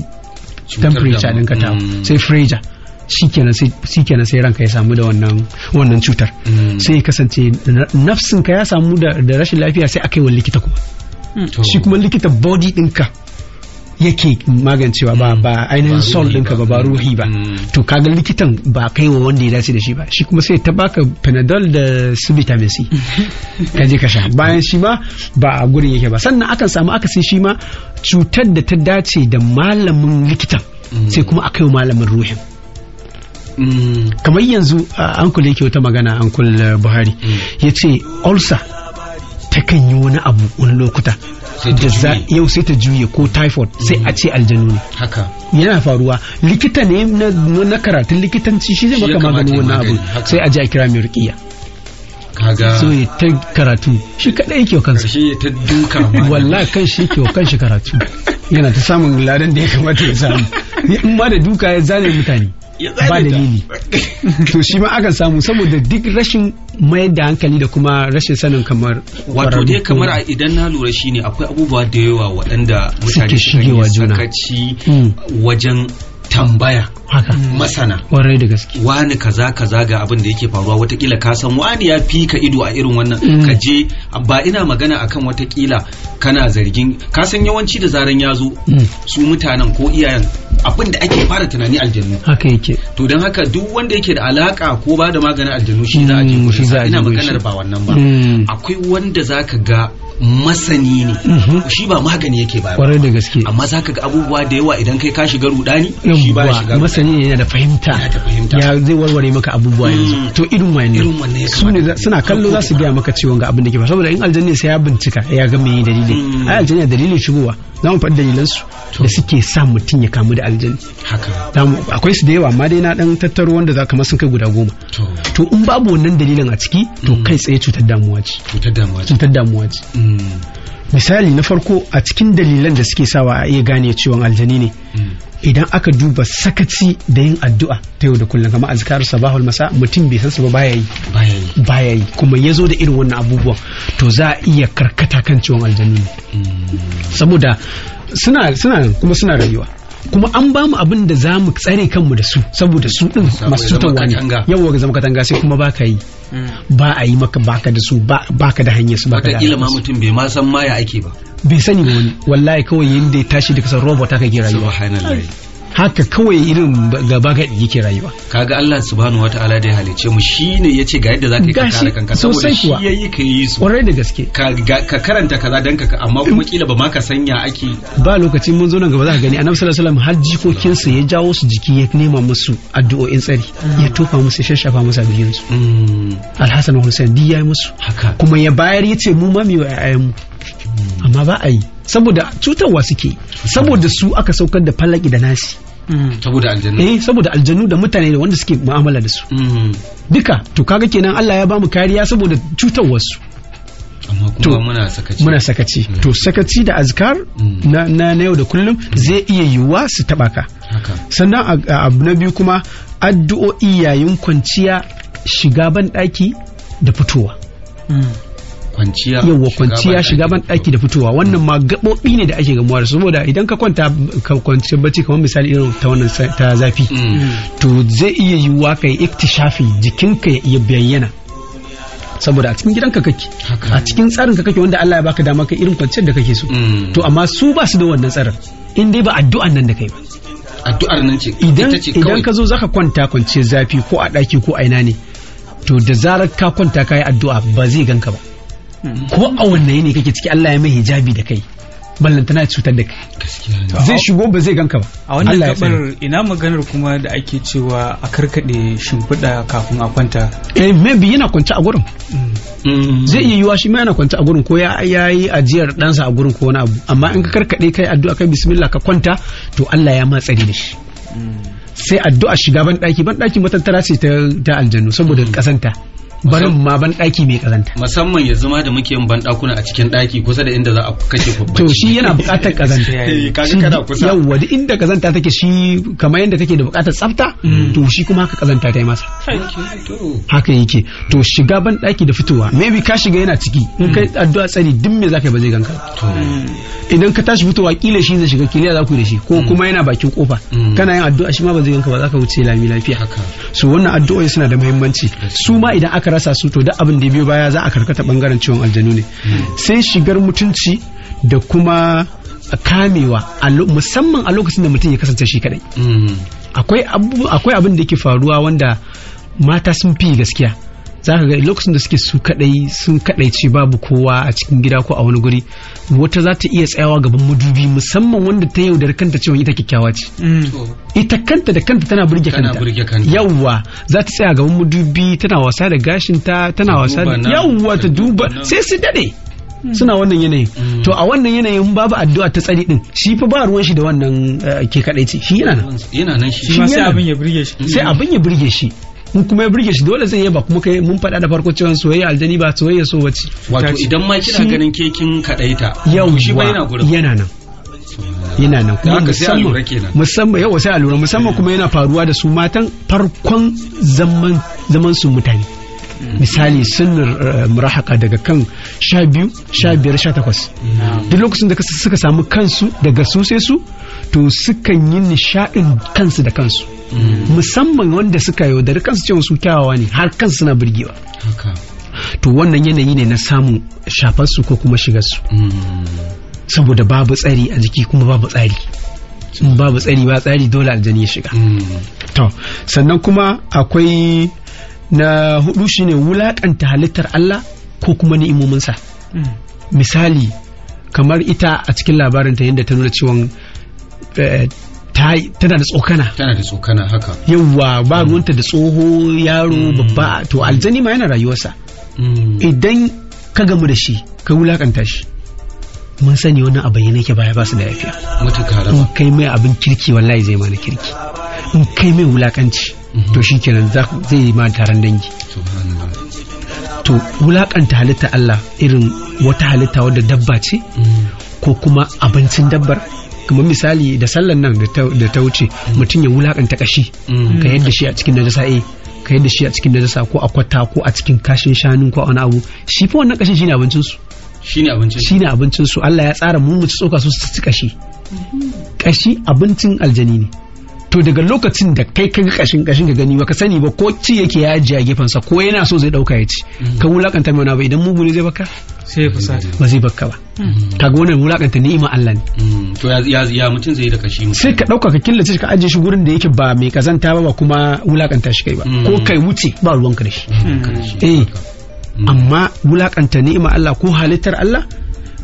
temperature ɗinka ta mm. sai freezer shikenan sai ranka ya samu da wannan cutar mm. sai ya kasance nafsinka ya samu da rashin lafiya sai yi wa likita kuma mm. shi kuma likita body ɗinka yake magancewa ba ba ainihin sol dinka ba ba ruhi ba mm. to kaga likitan ba kai wa wanda ya dace da shi ba shi kuma sai ta baka panadol da su vitamin C ka je ka sha bayan shi ma ba a gurin yake ba sannan akan samu akasin shi ma cutar da ta dace da malamin likitan sai kuma a kai wa malamin ruhin kamar yanzu ankul yake wata magana ankul buhari mm. ya ce ulcer kan yi wani abu wani lokuta yau sai ta juye ko typhoid sai a mm. ce aljanu ne haka yana faruwa likita ne na karatun likitanci shi zai maka maganin wani abu sai a ji a kira mai rukiya so ya ta karatu shi kadai yake kansa shi ta duka wallahi kan shi yake wa kanshi karatu yana ta samun ladan da ya kamata ya samu in ma da duka ya zane mutane ba dalili to shi ma aka samu saboda duk rashin mayar da hankali da kuma rashin sanin kamar wato dai kamar idan na lura shine akwai abubuwa da yawa waɗanda mutane suke shigewa sakaci hmm. wajen tambaya haka masana warai da gaske wani kaza kaza ga abin da yake faruwa watakila ka san wani ya fi ka ido a irin wannan Kaje mm. ka je ba ina magana akan watakila kana zargin ka san yawanci da zaran ya zo mm. su mutanen ko iyayen abin da ake fara tunani aljannu haka yake to don haka duk wanda yake da alaka ko ba da maganin aljannu shi za a mm, ina maganar ba wannan ba akwai wanda zaka ga masani ne mhm. shi ba magani yake ba kwarai da gaske amma za ka ga abubuwa da yawa idan kai ka shiga rudani shi ba shiga masani ne da fahimta ya zai warware maka abubuwa yanzu mm. to irin wani ne suna kallo za su gaya maka ciwon ga abin da ke ba saboda in aljanna sai ya bincika ya ga me dalilin mm. ai aljanna dalilin shigowa za mu faɗi dalilan su da suke sa mutum ya kamu da aljanna akwai su da yawa amma dai na dan tattaro wanda za ka sun kai guda goma to in babu wannan dalilin a ciki to mm. kai tsaye cutar damuwa ce cutar damuwa ce misali na farko a cikin dalilan da suke sawa a iya gane ciwon aljani ne hmm. idan aka duba sakaci da yin addu'a ta yau da kullum kamar azkar sabahul masa mutum bai san su ba baya yi baya yi kuma ya zo da irin wannan abubuwa to za a iya karkata kan ciwon aljani ne hmm. saboda suna suna kuma suna rayuwa kuma an bamu abin da za mu tsare kanmu da su saboda su din masu cutarwa wani yawa ga zama katanga sai kuma baka yi hmm. ba a yi maka baka da su baka da hanyar su baka da hanyar mutum bai ma san maya ake ba bai sani ba wani wallahi kawai yanda ya tashi da san robot aka gira rayuwa subhanallahi haka kawai irin gaba ga yake rayuwa kaga Allah subhanahu wataala da ya halice mu shine yace ga yadda zaka yi ka kare kanka saboda shi yayi ka yi su kwarai da gaske ka karanta kaza dan ka amma kuma kila ba ma ka sanya ake ba lokacin mun zo nan gaba za ka gani annabi sallallahu alaihi wasallam har jikokin sa ya jawo su jiki ya nema musu addu'o'in tsari ya tofa musu shashafa musu abiyin su mm. alhasan wa husain di yayi musu haka kuma ya bayar yace mu ma mi wa ayyan mu mm. amma ba a yi saboda cutarwa suke saboda su aka saukar da falaki da nasi Mm. saboda aljannu eh saboda aljannu da mutane da wanda suke mu'amala da su mm. duka to kaga kenan Allah ya bamu kariya saboda cutarwar su amma kuma muna sakaci muna sakaci mm. to sakaci da azkar na na yau da kullum zai iya yiwuwa su taba ka sannan abu na biyu kuma addu'o'i yayin kwanciya shiga ban daki da fitowa kwanciya Wa kwanciya shiga ban daki da fitowa wannan ma gabobi ne da ake gamuwa da saboda idan ka kwanta ka kwanciya bacci kamar misali irin ta wannan ta zafi mm. to zai iya yiwuwa kai iktishafi jikinka ya iya bayyana saboda a cikin gidanka kake a cikin tsarin ka kake wanda Allah ya baka dama kai irin kwanciyar da kake so mm. to amma su ba su da wannan tsarin in dai ba addu'an nan da kai ba addu'ar nan ce idan idan ka zo zaka kwanta kwanciyar zafi ko a daki ko a ina ne to da zarar ka kwanta kai addu'a ba zai ganka ba ko a wanne ne kake ciki Allah ya mai hijabi da kai ballantana ya cutar da kai zai shigo ba zai ganka ba a wannan kabar ina maganar kuma da ake cewa a karkade shimfiɗa kafin a kwanta eh maybe yana kwance a gurin mm. zai iya yiwa shi ma yana kwance a gurin ko ya yi ajiyar ɗansa a gurin ko wani abu amma in ka karkade kai addu'a kai bismillah ka kwanta to Allah ya matsari da shi mm. sai addu'a shiga ban ɗaki ban ɗaki matattara ce ta aljanu saboda kasanta mm. barin ma ban daki mai kazanta musamman ya zama da muke yin ban dakuna a cikin daki kusa da inda za a kashe babban to shi yana bukatar kazanta eh, kaga kana kusa yawa duk inda kazanta take shi kamar yadda take da bukatar tsafta mm. to shi kuma haka kazanta ta yi masa haka yake to shiga ban daki da fitowa maybe ka shiga yana ciki in kai addu'a tsari duk me zaka yi ba zai ganka idan ka tashi fitowa kila shi zai shiga kila za ku da shi ko mm. kuma yana bakin kofa mm. kana yin addu'a shi ma ba zai ganka ba zaka wuce lami lafiya so wannan addu'o'i suna da muhimmanci su ma idan aka aka rasa su to da abin da biyo baya za a karkata bangaren ciwon aljanu ne sai shigar mutunci da kuma kamewa musamman a lokacin da mutum ya kasance shi kadai mm. akwai abin da yake faruwa wanda mata sun fi gaskiya za ka ga lokacin da suke su kadai sun kadai ce babu kowa a cikin gida ko a wani guri wata za ta iya tsayawa gaban madubi musamman wanda ta yaudar kanta cewa ita kyakkyawa ce mm. ita kanta da kanta tana burge kanta yawwa za ta tsaya gaban madubi tana wasa da gashinta tana wasa da yawwa ta duba sai su dade mm. suna wannan yanayin mm. to a wannan yanayin babu addu'a ta tsari din shi fa ba ruwan shi da wannan eh, ke kadaici shi yana nan yana nan shi sai abin ya burge shi sai abin ya burge shi in kuma ya burge shi dole zai yaba kuma kai mun faɗa da farko cewa soyayya aljani ba soyayya so bace wato idan ma kina ganin ke kin kadaita shi ba yana gurin yana nan yana nan kuma musamman musamman yau sai a lura musamman kuma yana faruwa da su matan farkon zaman zaman su mutane hmm. misali sun eh, murahaka daga kan sha biyu sha biyar sha takwas duk lokacin da suka samu kansu daga su sai su to sukan yi nishaɗin kansu da kansu Mm. musamman wanda suka yaudari kansu cewa su kyawawa ne har kansu suna birgewa to wannan yanayi ne na samun shafar su ko kuma shigar su mm. saboda babu tsari a jiki kuma babu tsari babu tsari ba tsari dole aljani ya shiga mm. to sannan kuma akwai na hudu shine wulaƙanta halittar Allah ko kuma ni'imominsa misali kamar ita a cikin labarinta yadda ta nuna cewa eh, tana da tsokana tana da tsokana haka yawwa ba mm. ruwanta da tsoho yaro mm. babba to mm. aljani ma yana rayuwarsa idan ka gamu da shi ka wulakanta shi mun sani wannan a yana ke baya ba su da lafiya in kai mai abin kirki wallahi zai mana kirki in kai mai wulakanci mm-hmm. to shi kenan zai yi ma taron dangi to wulakanta halitta Allah irin wata halitta wadda dabba ce ko kuma abincin dabbar kamar misali da sallan nan da ta wuce mutum ya wulakanta kashi mm. ka yadda shi a cikin najasa eh ka yadda shi a cikin najasa ko a kwata ko a cikin kashin shanu ko a wani abu shi fa wannan kashin shine abincin su shine abincin shine abincin su Allah ya tsara mu mu tsoka su su ci kashi kashi mm-hmm. abincin aljani ne to daga lokacin da kai ka kashin kashin ka gani baka sani ba ko ci yake ya ji a gefensa ko yana so zai dauka ya ci kan mm. wulakanta mai ba idan mugu ne zai baka sai fusata ba zai baka ba mm. kaga wannan wulakanta ni'ima Allah ne mm. to ya ya mutun zai da kashi sai ka dauka ka killace shi ka ajiye shi gurin da yake ba mai kazanta ba ba kuma wulakanta shi kai ba ko kai wuce ba ruwan ka da shi eh amma wulakanta ni'ima Allah ko halittar Allah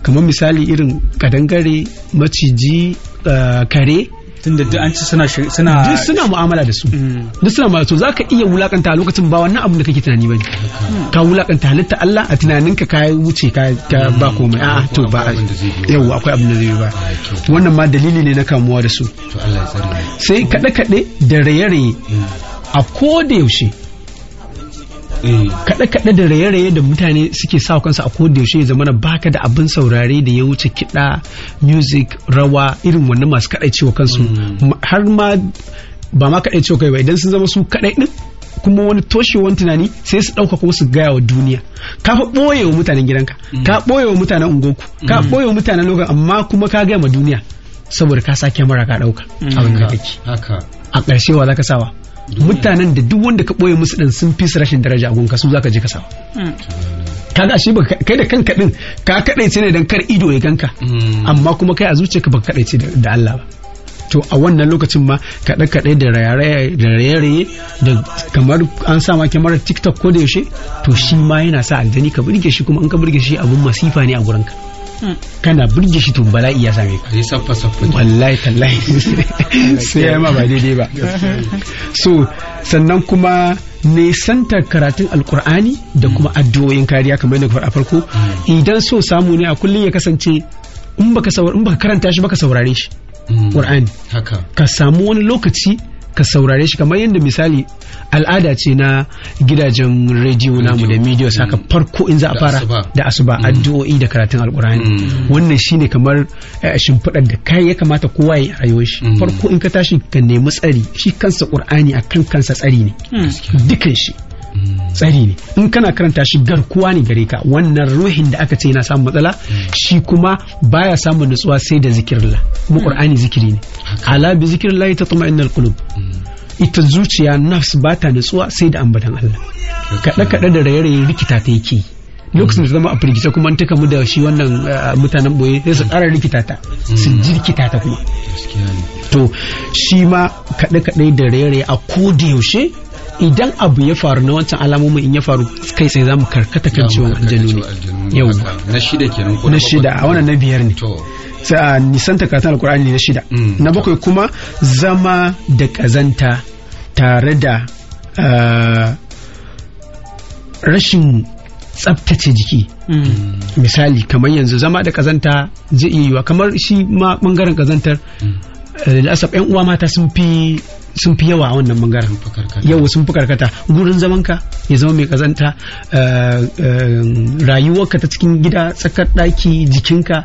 kamar misali irin kadangare maciji eh, kare tunda duk an ci suna suna duk suna mu'amala da su mm. duk suna mu'amala to zaka iya wulakanta a lokacin ba wannan abin da kake tunani bane ka wulakanta halitta Allah a tunaninka ka wuce ka mm. ba komai a to ba yau akwai abin da zai ba wannan ma dalili ne na kamuwa da su sai kaɗe-kaɗe da raye-raye mm. a ko da yaushe Eh. kaɗe kaɗe da raye-raye da mutane suke sa kansu a koda yaushe ya zamana baka da abin saurare da ya wuce kiɗa music rawa irin wannan masu kaɗai cewa kansu mm. har ma ba ma kaɗai cewa kai ba idan sun zama su kaɗai ɗin kuma wani toshewan tunani sai su ɗauka kuma su gaya wa duniya ka fa ɓoye wa mutanen gidanka mm. ka ɓoye wa mutanen ungoku ka mm. ɓoye wa mutanen lokacin amma kuma ka gaya ma duniya saboda ka sa kyamara ka ɗauka a wani kake a ƙarshe wa za ka sawa mutanen da duk wanda ka ɓoye musu ɗin sun fi su rashin daraja a gunka su za ka je ka samu kaga ashe kai da kanka ɗin ka kaɗaice ne don kar ido ya ganka mm. amma kuma kai a ka ba ka kaɗaice da Allah ba to a wannan lokacin ma kaɗe kaɗe da raye-raye da kamar an sa ma kyamarar tiktok ko da yaushe to shi ma yana sa aljani ka burge shi kuma an ka burge shi abun masifa ne a gurinka. ka kana burge shi to bala'i ya same ka sai saffa saffa wallahi tallahi sai ya ma ba daidai ba so sannan kuma santa karatun alkur'ani da kuma addu'o'in kariya kamar yadda a farko hmm. idan so samu ne a kullum ya kasance in baka karanta shi baka saurare shi hmm. qur'ani haka ka samu wani lokaci ka saurare shi kamar yadda misali al'ada ce na gidajen rediyo namu da midiyo saka mm. farko in za a fara da asuba mm. addu'o'i da karatun alkurani mm. wannan shine kamar eh, shimfiɗar da kai ya kamata kowa ya rayuwar shi farko in ka tashi ka nemi tsari shi kansa qur'ani akan kansa tsari ne dukan shi tsari ne in kana karanta shi garkuwa ne gare ka wannan ruhin da aka ce yana samun matsala shi kuma baya samun nutsuwa sai da zikirla mu qur'ani zikiri ne ala bi zikrillah tatma'innal qulub ita zuciya nafs ba ta nutsuwa sai da ambatan Allah kaɗe kaɗe da raye-raye rikita ta yake lokacin da zama a firgice kuma an taka mu da shi wannan eh, mutanen boye sai su ƙara rikita ta su jirkita ta kuma to shi ma kaɗe kaɗe da raye-raye a koda yaushe idan abu ya faru na wancan alamomi in ya faru kai sai za mu karkata kan ciwon aljanu ne yau na shida kenan na shida a wannan na biyar ne sai a nisan karatun alkur'ani ne na shida mm. na bakwai kuma zama da kazanta tare da ah, rashin tsabtace jiki mm. misali kamar yanzu zama da kazanta zai iya yiwa kamar shi ma bangaren kazantar mm. للاسف eh, yan uwa mata sun fi sun fi yawa a wannan bangaren yawa sun fi karkata gurin zamanka ya zama mai kazanta eh, eh, rayuwarka ta cikin gida tsakar daki jikinka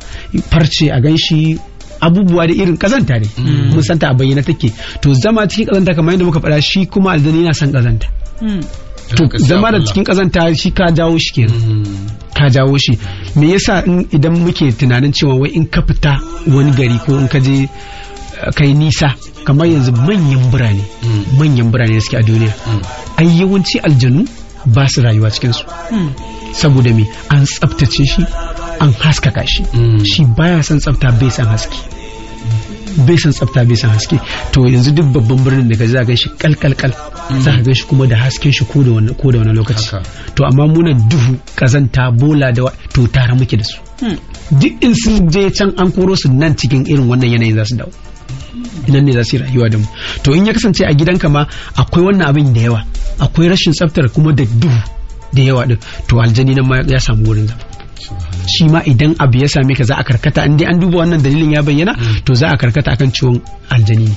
farce a ganshi abubuwa da irin kazanta ne mm. mun santa a bayyana take to zama cikin kazanta kamar yadda muka faɗa shi kuma aljani yana son kazanta mm. to zama da cikin kazanta shi ka jawo shi kenan mm. ka jawo shi me yasa idan muke tunanin cewa wai in ka fita wani gari ko in ka je kai nisa kamar yanzu manyan birane hmm. manyan birane da suke a duniya hmm. ai yawanci aljanu ba su rayuwa su hmm. saboda me an tsabtace shi an haskaka shi shi baya son tsabta bai san haske bai san tsafta bai san haske to yanzu duk babban birnin da ka za ga shi kalkalkal za ka shi kuma da hasken shi ko da wani lokaci to amma muna duhu kazanta bola da to tare muke da su duk in sun je can an koro su nan cikin irin wannan yanayin za su dawo nan ne za su yi rayuwa da mu to in ya kasance a gidanka ma akwai wannan abin da yawa akwai rashin tsaftar kuma da duhu da yawa din to aljani nan ma ya samu wurin zama shi ma idan abu ya same ka za a karkata in dai an duba wannan dalilin ya bayyana mm. to za a karkata akan ciwon aljani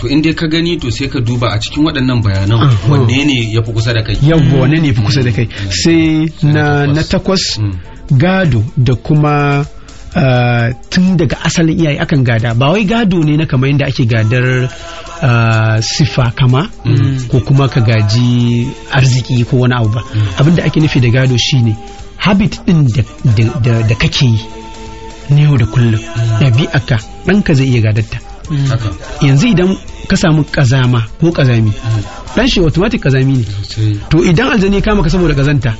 to in dai ka gani to sai ka duba a cikin waɗannan bayanan ah, oh. wanne ne ya fi kusa da kai yawwa wanne ne ya fi kusa mm. da kai sai mm. na na takwas gado da kuma Ah, tun daga asalin iyaye akan gada ba wai gado ne na kamar yadda ake gadar ah, sifa kama mm. ko kuma ka gaji arziki ko wani abu ba mm. abinda ake nufi da gado shine habit din da kake yi na yau da kullum mm. ɗabi'aka ɗanka zai iya gadatta yanzu idan ka samu kazama ko kazami dan shi automatic kazami ne to idan aljani kama ka saboda kazanta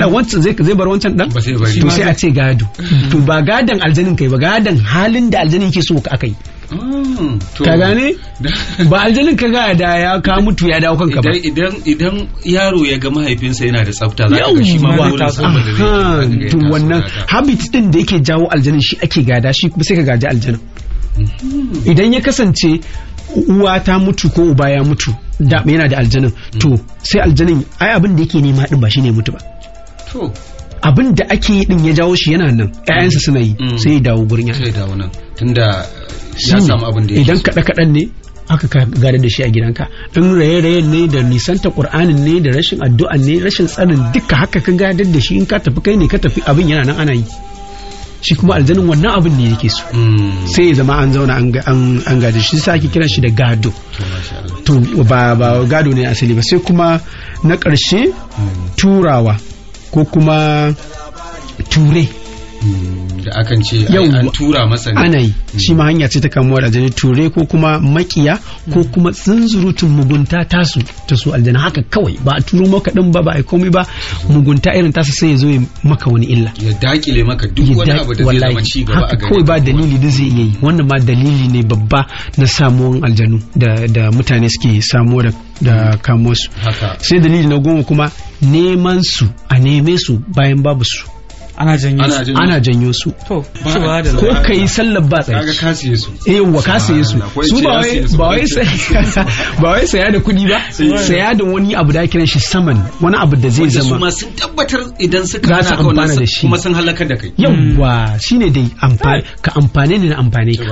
da mhm. wancan zai zai bar wancan dan to sai a ce gado mhm. to ba gadan aljanin kai ba gadan halin da aljanin ke so ka akai ah, ka gane ba aljanin ka ga da ya ka mutu ya dawo kanka ba idan idan yaro ya ga mahaifinsa yana da tsafta za ka shi ma ba to wannan habit din da yake jawo aljanin shi ake gada shi sai ka gaji aljanin mhm. idan ya kasance uwa ta mutu ko uba ya mutu da yana da aljanin to sai aljanin ai abin da yake nema din ba shine mutu ba abin da ake yi din ya jawo shi yana nan mm. ƴaƴansa suna yi mm. sai ya dawo gurin sai ya dawo nan tunda ya samu abin da ya idan kaɗa kaɗan ne aka gada da shi a gidanka in raye-raye ne da nisanta qur'anin ne da rashin addu'a ne rashin tsarin duka haka ka gada da shi in ka tafi kai ne ka tafi abin yana nan ana yi shi kuma aljanin wannan abin ne yake so mm. sai ya zama an zauna an gada shi sa ake kiran shi da gado to ba gado ne asali ba sai kuma na ƙarshe turawa ko kuma ture da akan ce an tura masa ne ana yi hmm. shi ma hanya ce ta kamuwa da jini ture ko kuma makiya ko hmm. kuma tsunzurutun mugunta tasu ta su aljana haka kawai ba a turo maka din ba ba a komai ba mugunta irin tasu sai ya zo ya maka wani illa ya dakile maka duk wani abu da zai zama ci gaba a gari kawai ba dalili da zai iya yi wannan ma dalili ne babba na samuwan aljanu da mutane suke samuwa da da kamuwa su sai dalili na goma kuma neman su a neme su bayan babu su ana janyo su Ana janyo su. to ba da ko kai sallar ba tsaye kaga kasiye su eh wa kasiye su su ba wai ba wai ba wai saya da kuɗi ba saya da wani abu da kiran shi saman wani abu da zai zama su ma sun tabbatar idan suka hana kauna su kuma sun halakar da kai yawa shine dai amfani ka amfane ne na amfane ka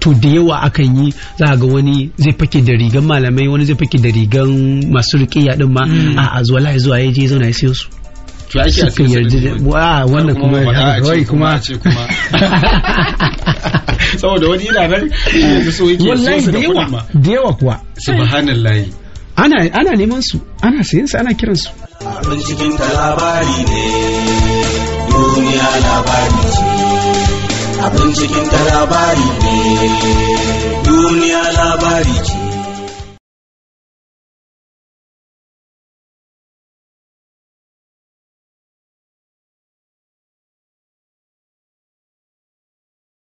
to da yawa akan yi za ga wani zai fake da rigan malamai wani zai fake da rigan masu riƙiya din ma mm. a'a zuwa lai zuwa yaje zauna ya siyo su sukan yarda da ah, wannan kuma wai kuma saboda wani yana nan eh, so yake wallahi da yawa da yawa kuwa subhanallahi ana ana neman su ana sayin su ana kiran su abin cikin ta labari ne duniya labari ce abin cikin ta labari ne duniya labari ce